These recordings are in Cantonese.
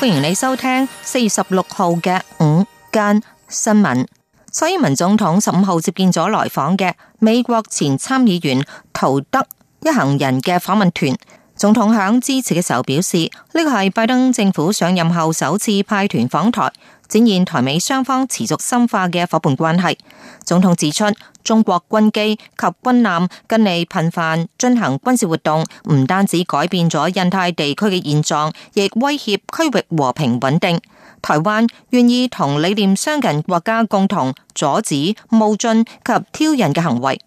歡迎你收聽四月十六號嘅午間新聞。蔡英文總統十五號接見咗來訪嘅美國前參議員陶德一行人嘅訪問團，總統喺致辭嘅時候表示，呢個係拜登政府上任後首次派團訪台。展現台美雙方持續深化嘅伙伴關係。總統指出，中國軍機及軍艦跟你頻繁進行軍事活動，唔單止改變咗印太地區嘅現狀，亦威脅區域和平穩定。台灣願意同理念相近國家共同阻止冒進及挑釁嘅行為。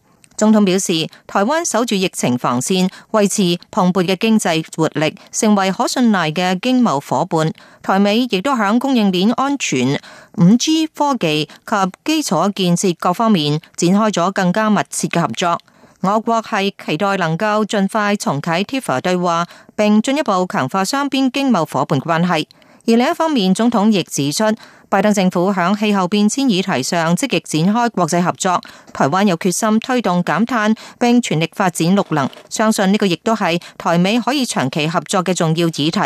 總統表示，台灣守住疫情防線，維持蓬勃嘅經濟活力，成為可信賴嘅經貿夥伴。台美亦都響供應鏈安全、五 G 科技及基礎建設各方面展開咗更加密切嘅合作。我國係期待能夠盡快重啟 TIFA 對話，並進一步強化雙邊經貿夥伴關係。而另一方面，總統亦指出，拜登政府響氣候變遷議題上積極展開國際合作，台灣有決心推動減碳，並全力發展綠能，相信呢個亦都係台美可以長期合作嘅重要議題。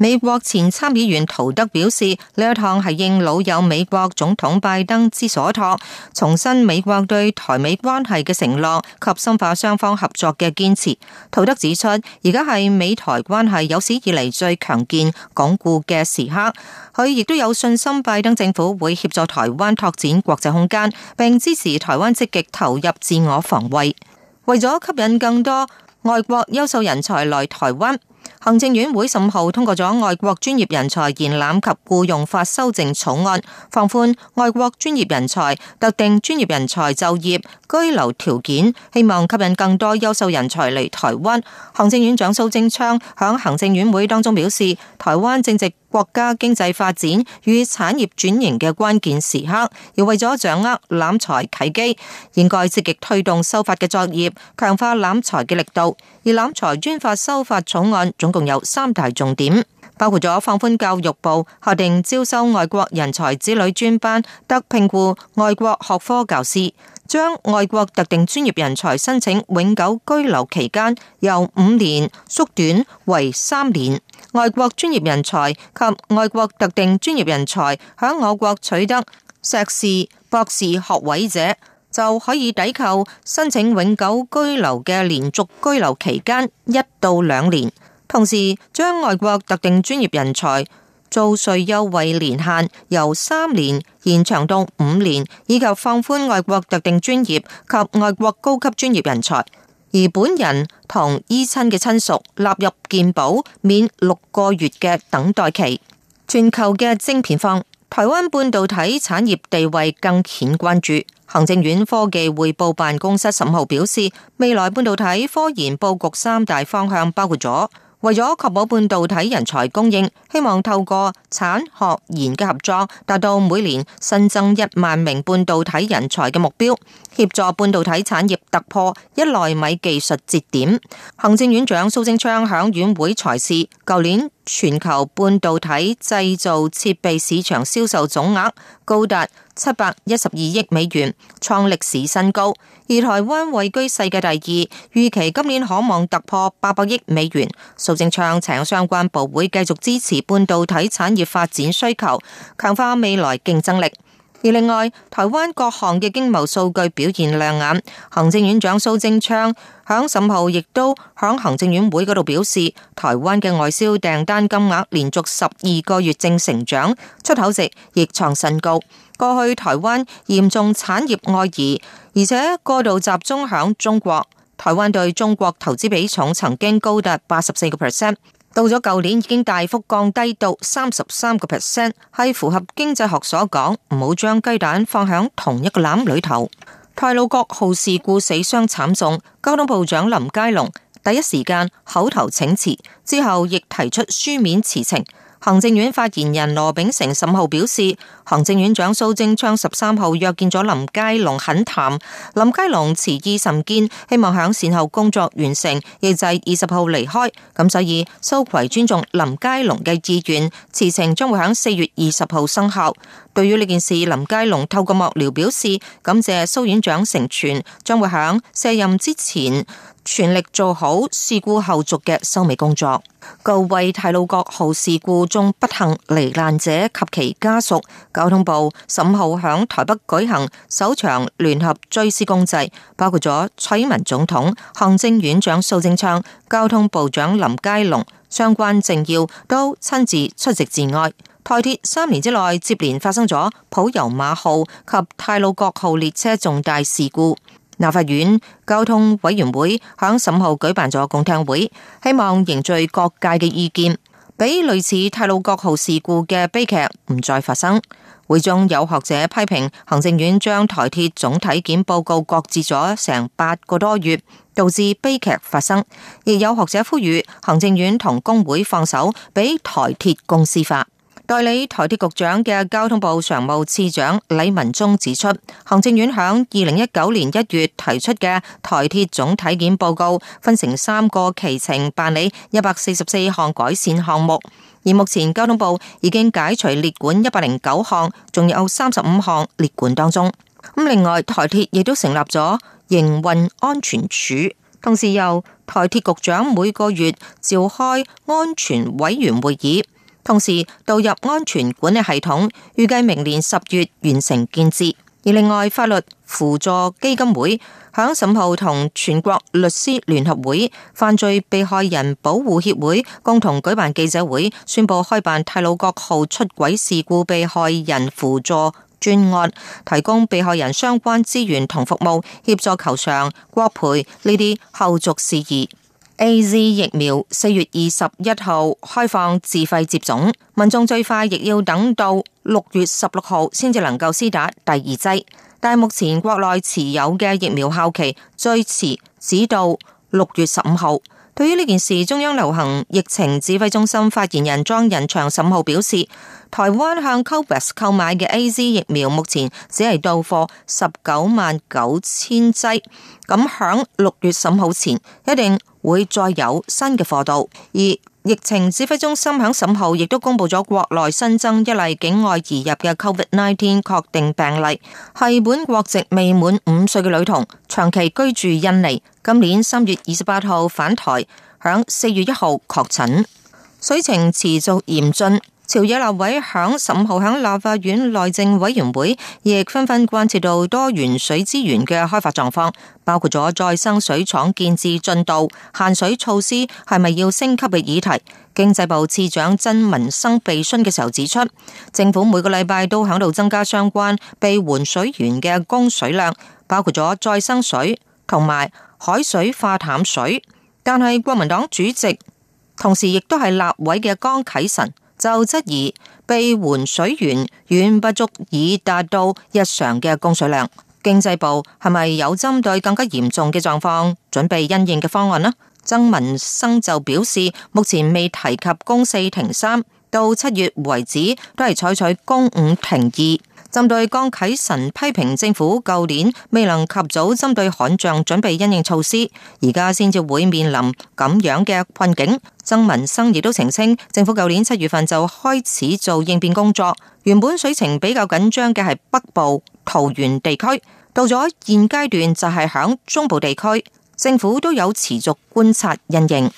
美國前參議員陶德表示，呢一趟係應老友美國總統拜登之所託，重申美國對台美關係嘅承諾及深化雙方合作嘅堅持。陶德指出，而家係美台關係有史以嚟最強健、鞏固嘅時刻，佢亦都有信心拜登政府會協助台灣拓展國際空間，並支持台灣積極投入自我防衛。為咗吸引更多外國優秀人才來台灣，行政院會十五號通過咗外國專業人才延攬及僱用法修正草案，放寬外國專業人才特定專業人才就業居留條件，希望吸引更多優秀人才嚟台灣。行政院長蘇貞昌喺行政院會當中表示，台灣正值國家經濟發展與產業轉型嘅關鍵時刻，而為咗掌握攬才契機，應該積極推動修法嘅作業，強化攬才嘅力度。而攬才專法修法草案總共有三大重點，包括咗放寬教育部核定招收外國人才子女專班，得聘僱外國學科教師，將外國特定專業人才申請永久居留期間由五年縮短為三年。外國專業人才及外國特定專業人才響我國取得碩士、博士學位者，就可以抵扣申請永久居留嘅連續居留期間一到兩年，同時將外國特定專業人才租稅優惠年限由三年延長到五年，以及放寬外國特定專業及外國高級專業人才。而本人同依親嘅親屬納入健保，免六個月嘅等待期。全球嘅精片晶片方，台灣半導體產業地位更顯關注。行政院科技會報辦公室十五號表示，未來半導體科研布局三大方向包括咗。為咗確保半導體人才供應，希望透過產學研嘅合作，達到每年新增一萬名半導體人才嘅目標，協助半導體產業突破一奈米技術節點。行政院長蘇貞昌響院會財事舊年。全球半導體製造設備市場銷售總額高達七百一十二億美元，創歷史新高。而台灣位居世界第二，預期今年可望突破八百億美元。蘇貞昌請相關部會繼續支持半導體產業發展需求，強化未來競爭力。而另外，台灣各行嘅經貿數據表現亮眼。行政院長蘇貞昌響十五號亦都響行政院會嗰度表示，台灣嘅外銷訂單金額連續十二個月正成長，出口值亦創新高。過去台灣嚴重產業外移，而且過度集中響中國。台灣對中國投資比重曾經高達八十四個 percent。到咗舊年已經大幅降低到三十三個 percent，係符合經濟學所講，唔好將雞蛋放喺同一個籃裏頭。太魯閣號事故死傷慘重，交通部長林佳龍第一時間口頭請辭，之後亦提出書面辭呈。行政院發言人羅秉成十五號表示，行政院長蘇貞昌十三號約見咗林佳龍，懇談。林佳龍辭意甚堅，希望響善後工作完成，亦即係二十號離開。咁所以蘇揆尊重林佳龍嘅意願，辭呈將會響四月二十號生效。對於呢件事，林佳龍透過幕僚表示感謝蘇院長成全，將會響卸任之前全力做好事故後續嘅收尾工作。告慰太魯閣號事故中不幸罹難者及其家屬，交通部十五號響台北舉行首場聯合追思公祭，包括咗蔡英文總統、行政院長蘇貞昌、交通部長林佳龍，相關政要都親自出席致哀。台鐵三年之內接連發生咗普悠瑪號及太魯閣號列車重大事故。立法院交通委員會響十五號，舉辦咗共聽會，希望凝聚各界嘅意見，俾類似太魯閣號事故嘅悲劇唔再發生。會中有學者批評行政院將台鐵總體檢報告擱置咗成八個多月，導致悲劇發生。亦有學者呼籲行政院同工會放手，俾台鐵公司化。代理台鐵局長嘅交通部常務次長李文忠指出，行政院響二零一九年一月提出嘅台鐵總體檢報告，分成三個期程辦理一百四十四項改善項目，而目前交通部已經解除列管一百零九項，仲有三十五項列管當中。咁另外，台鐵亦都成立咗營運安全處，同時由台鐵局長每個月召開安全委員會議。同時導入安全管理系統，預計明年十月完成建設。而另外，法律扶助基金會響十五號同全國律師聯合會、犯罪被害人保護協會共同舉辦記者會，宣布開辦太魯閣號出軌事故被害人扶助專案，提供被害人相關資源同服務，協助求償、獲賠呢啲後續事宜。A. Z 疫苗四月二十一號開放自費接種，民衆最快亦要等到六月十六號先至能夠施打第二劑。但係目前國內持有嘅疫苗效期最遲只到六月十五號。對於呢件事，中央流行疫情指揮中心發言人莊人祥十五號表示，台灣向 COVAX 購買嘅 A. Z 疫苗目前只係到貨十九萬九千劑，咁響六月十五號前一定會再有新嘅貨到，而疫情指揮中心響審後，亦都公布咗國內新增一例境外移入嘅 COVID-19 確定病例，係本國籍未滿五歲嘅女童，長期居住印尼，今年三月二十八號返台，響四月一號確診，水情持續嚴峻。朝野立委響十五號響立法院內政委員會亦紛紛關切到多元水資源嘅開發狀況，包括咗再生水廠建置進度、限水措施係咪要升級嘅議題。經濟部次長曾文生備詢嘅時候指出，政府每個禮拜都響度增加相關備援水源嘅供水量，包括咗再生水同埋海水化淡水。但係國民黨主席，同時亦都係立委嘅江啟臣。就質疑備援水源遠不足以達到日常嘅供水量，經濟部係咪有針對更加嚴重嘅狀況準備因應嘅方案呢？曾文生就表示，目前未提及供四停三，到七月為止，都係採取供五停二。針對江啟臣批評政府舊年未能及早針對旱象準備因應措施，而家先至會面臨咁樣嘅困境，曾文生亦都澄清，政府舊年七月份就開始做應變工作，原本水情比較緊張嘅係北部桃園地區，到咗現階段就係響中部地區，政府都有持續觀察因應。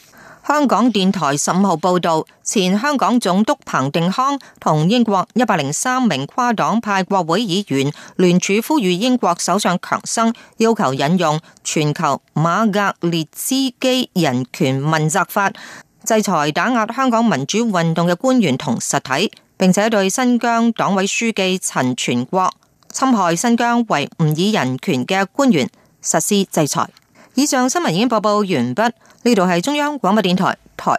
香港電台十五號報道，前香港總督彭定康同英國一百零三名跨黨派國會議員聯署，呼籲英國首相強生要求引用全球馬格列茨基人權問責法，制裁打壓香港民主運動嘅官員同實體，並且對新疆黨委書記陳全國、侵害新疆維吾爾人權嘅官員實施制裁。以上新聞已經播報完畢，呢度係中央廣播電台台。